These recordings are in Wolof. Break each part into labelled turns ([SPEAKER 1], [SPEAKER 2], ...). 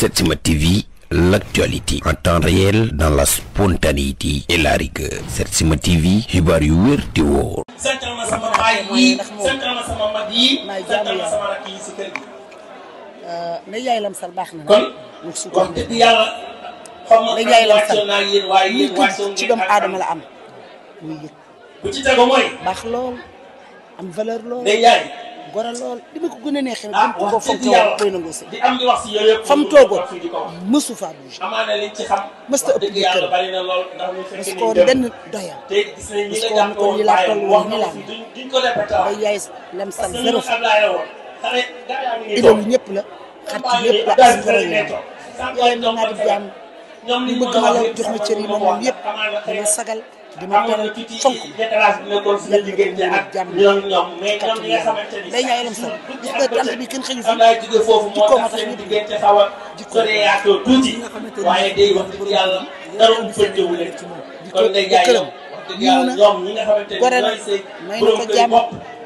[SPEAKER 1] ma TV l'actualité en temps réel dans la spontanéité et la rigueur Setsima xibaar yu wér ma sama baay yi santal ma sama mag yi santal ma sama ne euh, yaay lam sal baax na kon wax la am baax lool am valeur lool gora lool li ma ko gën a neexee. ah wax dëgg yàlla di am di wax si yow yëpp. fa mu mësu faa bouge. amaana liñ ci ta ëpp kër bari na lool ndax ñu fekkee ni ko denn doyal. te wax na ko duñ ko répété waat. day yaay lam sal zéro la. xar ci la am ngoro yi yaay mën di jàmm. ñu bëgg ma la jox ma cër yi ma ko tax ñu dugg jikkoo yi ne dara umpantewul ci moom di ko jëkkëram yiw na gore na may na ko jàmm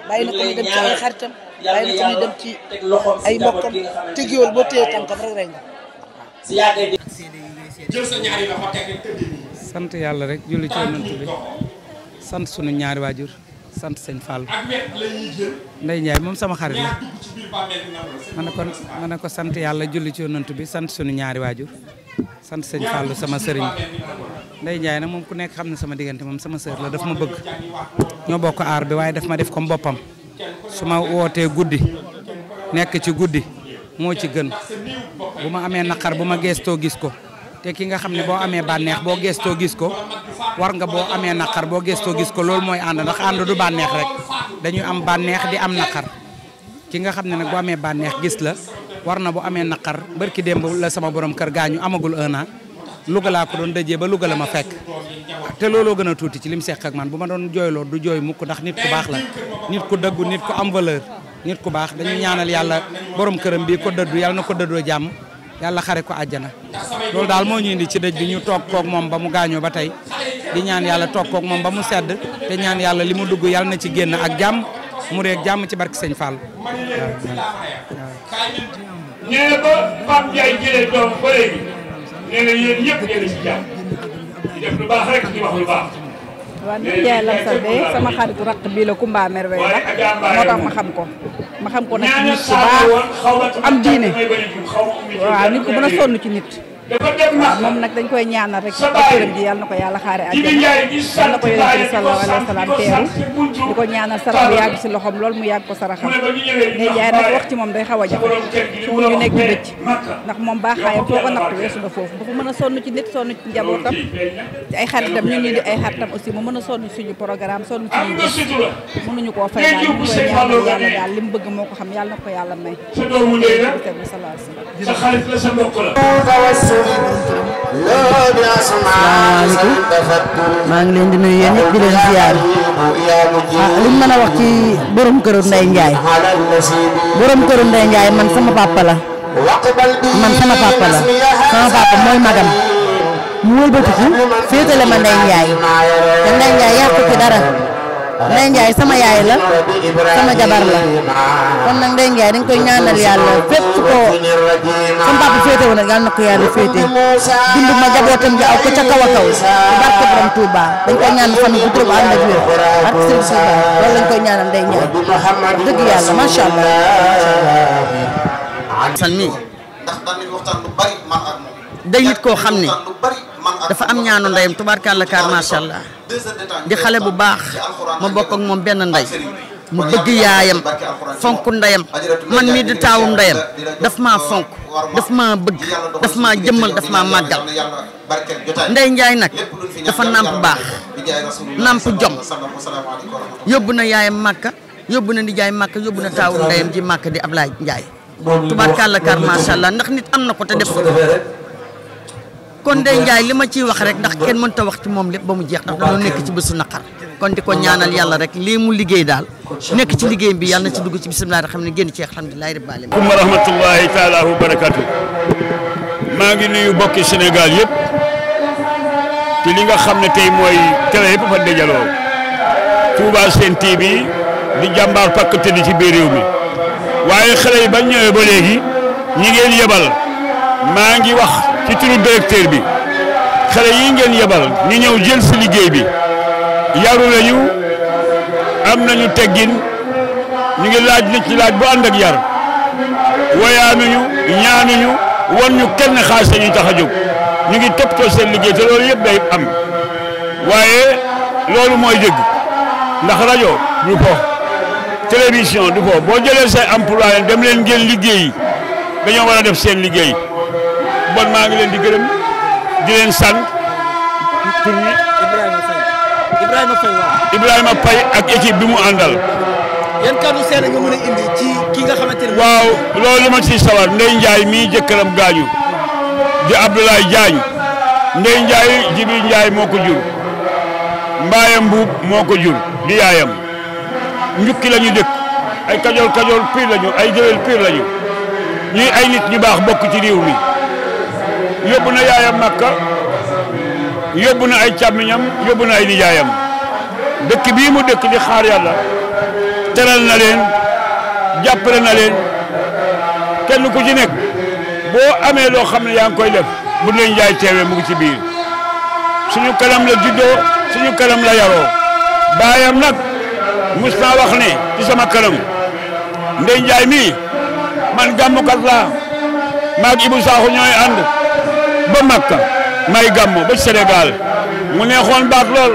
[SPEAKER 1] bàyyi na ko ci ay xaritam bàyyi na ko ñu dem ci ay mbokkam te géwél boo téye
[SPEAKER 2] tànkam rek rey nga
[SPEAKER 1] sant yàlla rek julli ci bi sant sunu ñaari waajur sant sëñ Fall. ak wet la moom sama xarit la. ma sant yàlla julli ci yonent bi sant sunu ñaari waajur sant sëñ Fall sama sëriñ Ndeye Ndiaye nag moom ku nekk xam ne sama diggante moom sama sër la daf ma bëgg. ñoo bokk aar bi waaye daf ma def ko comme boppam su ma wootee guddi nekk ci guddi moo ci gën bu ma amee naqar bu ma geestoo gis ko. te ki nga xam ne boo amee bànneex boo gestoo gis ko war nga boo amee naqar boo gestoo gis ko loolu mooy ànd ndax ànd du bànneex rek dañu am bànneex di am naqar ki nga xam ne nag boo amee bànneex gis la war na bu amee naqar barki démb la sama borom kër gaañu amagul un an Louga laa ko doon dëjee ba Louga la ma fekk te looloo gën a tuuti ci lim seq ak man bu ma doon jooyloo du jooy mukk ndax nit ku baax la nit ku dëggu nit ku am valeur nit ku baax dañuy ñaanal yàlla borom këram bi ko dëddu yàlla na ko dëddoo jàmm yàlla xare ko àjjana loolu daal moo ñu indi ci dëj bi ñu toog koog moom ba mu gaañoo ba tey di ñaan yàlla toog koog moom ba mu sedd te ñaan yàlla li mu dugg yàlla na ci génn ak jàmm mu reeg jàmm ci barke Sëñ Fall. waa nit yaay lam sa sama xaritu raq bii la Kumba Merveille la moo tax ma xam ko ma xam ko na nit ku baax am diine
[SPEAKER 3] waaw nit ku mën
[SPEAKER 1] a sonn
[SPEAKER 2] ci nit
[SPEAKER 3] moom
[SPEAKER 1] nag dañ koy ñaanal rek këram gi yàlla ko yàlla xaare àjjana yàlla na ko yonent bi ko ñaanal sarax bi yàgg si loxoom loolu mu yàgg ko saraxam mais yaay nag moom day xaw a jafe fu ñu nekk di bëcc ndax moom baaxaayam foo ko natt foofu bu mën a sonn ci nit sonn ci njabootam ci ay xaritam ñun ñi di ay xaritam aussi a sonn suñu programme sonn suñu koo fay daal ñu li mu bëgg moo ko xam yàlla na ko yàlla may
[SPEAKER 2] sallallahu salaamaaleykum maa ngi leen di nuyu yéen ñëpp di leen ziar ah li mën a wax ci borom këru Ndeye Ndiaye borom këru Ndeye man sama papa man sama papa la sama papa magam mu wëlbatiku féetale ma Ndeye Ndiaye te Ndeye Ndiaye yàqu ci dara. Ndeye Ndiaye sama yaay la sama jabar la kon nag Ndeye Ndiaye dañ koy ñaanal yàlla fépp fu ko sama papa féete nag yàlla na ko yàlla féete dundu ma jabootam ji aw ko ca kaw a kaw barke borom dañ koy ñaanal fan bu dëgg yàlla macha allah. day nit koo xam ne. dafa am ñaanu ndeyam tubaarkàlla kaar macha allah di xale bu baax ma bokk ak moom benn ndey mu bëgg yaayam fonk ndeyam man mii di taawu ndeyam daf ma fonk daf ma bëgg daf ma jëmmal daf ma màggal ndey njaay nag dafa bu baax nàmp jom yóbbu na yaayam màkka yóbbu na nijaay màkka yóbbu na taawu ndeyam ji màkka di Ablaay Njaay tubaarkàlla kaar macha allah ndax nit am na ko te def kon Ndeye Ndiaye li ma ciy wax rek ndax kenn mënta wax ci moom lépp ba mu jeex ndax dañoo nekk ci bésu naqar kon di ko ñaanal yàlla rek lii mu liggéey daal nekk ci liggéey bi yàlla na ci dugg ci bisimilah xam ne génn ci alhamdulilahi rabbil alamin kum
[SPEAKER 3] rahmatullahi taala wa barakatu maa ngi nuyu bokki Sénégal yëpp ci li nga xam na tey mooy télé yëpp fa dajaloo Touba Sen di jàmbaar pàkk tëdd ci biir réew mi waaye xale yi bañ ñëwee léegi ñi ngeen yebal maa ngi wax ci turu directeur bi xale yi ngeen yebal ñu ñëw jël si liggéey bi yaru nañu am nañu teggin ñu ngi laaj na ci laaj bu yar ak yar woyaanuñu ñaanuñu wan ñu kenn xaalis la ñuy tax a jóg ñu ngi toppatoo seen liggéey te loolu yëpp day am waaye loolu mooy dëgg ndax rajo du fo télévision du fo boo jëlee say employé dem ngeen liggéey dañoo war a def seen liggéey. bon maa ngi leen di gërëm di leen sant tur bi Ibrahima ak équipe bi mu àndal.
[SPEAKER 1] yan kàddu seede nga mën a indi ci ki nga
[SPEAKER 3] xamante ne. waaw loolu ma ciy sawar Ndeye Ndiaye mii jëkkëram gaañu di Abdoulaye Diagne Ndeye Ndiaye Jibi Ndiaye moo ko jur Mbaye Mbuub moo ko jur di yaayam njukki la ñu dëkk ay kajool kajool piir lañu ay jëwel piir lañu ñuy ay nit ñu bokk ci réew mi. yóbbu na yaayam Makka yóbbu na ay càmmiñam yóbbu na ay nijaayam dëkk bii mu dëkk di xaar yàlla teral na leen jàppale na leen kenn ku ci nekk boo amee loo xam ne yaa ngi koy def bu leen jaay mu ngi ci biir suñu kanam la juddoo suñu kanam la yaroo baayam nag mus naa wax sama kanam Ndeye Ndiaye man gàmmukat laa maag Ibou Sakho ñooy ba Makka may gàmmo ba Sénégal mu neexoon baat lool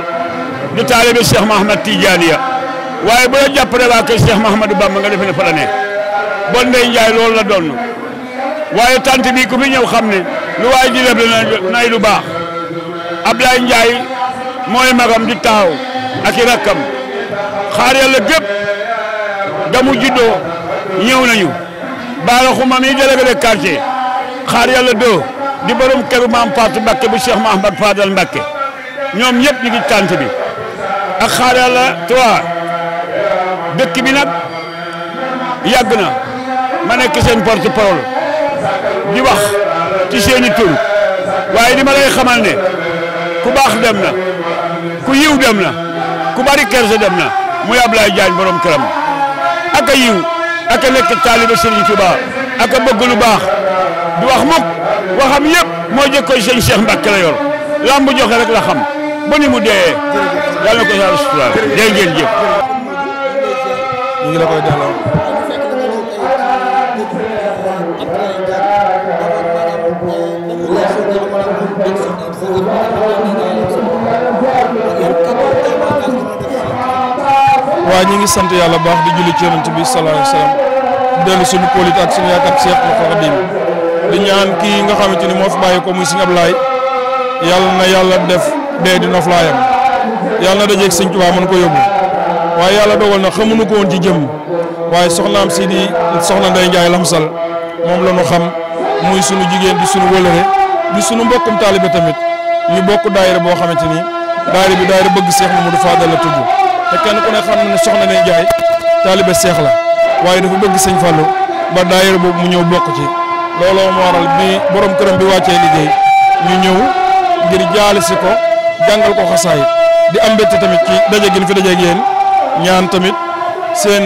[SPEAKER 3] di taalibe Cheikh Mahamad Tidianiya waaye bu la jàppale waa kër Cheikh Mahamadou Bamba nga defe ne fa la ne la doon waaye tant bi ku ñëw xam ne lu waaye di leble nay lu baax Ablaye Ndiaye mooy magam di taxaw ak rakkam xaar yàlla gépp damu juddoo ñëw nañu baara xuma mi délégué de quartier xaar yàlla doo di borom këru maam Fatou Mbakke bu Cheikh Mahamad Fadal Mbakke ñoom ñëpp ñu ngi tànt bi ak xaaral la trois dëkk bi nag yàgg na ma nekk seen porte parole di wax ci seen tur waaye di ma lay xamal ne ku baax dem na ku yiw dem na ku bari kersa dem na muy Ablaye Diagne borom këram ak a yiw ak a nekk taaliba Serigne Touba ak a bëgg lu baax di wax mukk waxam yëpp moo jëkkoy sëñ Cheikh Mbacke la yor lamb joxe rek la xam ba ni mu dee yàlla na ko yàlla suturaal dee ngeen jëf. ñu ngi la koy delloo. waaw ñu ngi sant yàlla baax di julli ci yonent bi sallallahu alayhi wasallam dellu suñu polit ak suñu yaakaar Cheikh Xadim di ñaan kii nga xamante ni moo fi bàyyi ko muy sëñ Ablaay yàlla na yàlla def dee di noflaayam yàlla na dajeeg sëñ Tuubaa mën ko yóbbu waaye yàlla dogal na xamuñu ko woon ci jëmm waaye soxnaam si di soxna Ndey Njaay Lamsal moom la ñu xam muy sunu jigéen di sunu wëlëre di sunu mbokkum taalibe tamit ñu bokk daayira boo xamante ni daayira bi daayira bëgg Seex Mamadu Fadal la tudd te kenn ku ne xam na ne soxna Ndey Njaay taalibe seex la waaye dafa bëgg sëñ Fallu ba daayira boobu mu ñëw bokk ci looloo moo waral bi borom këram bi wàccee liggéey ñu ñëw ngir jaale si ko jàngal ko xasaay di am tamit ci gi fi daje ak ñaan tamit seen.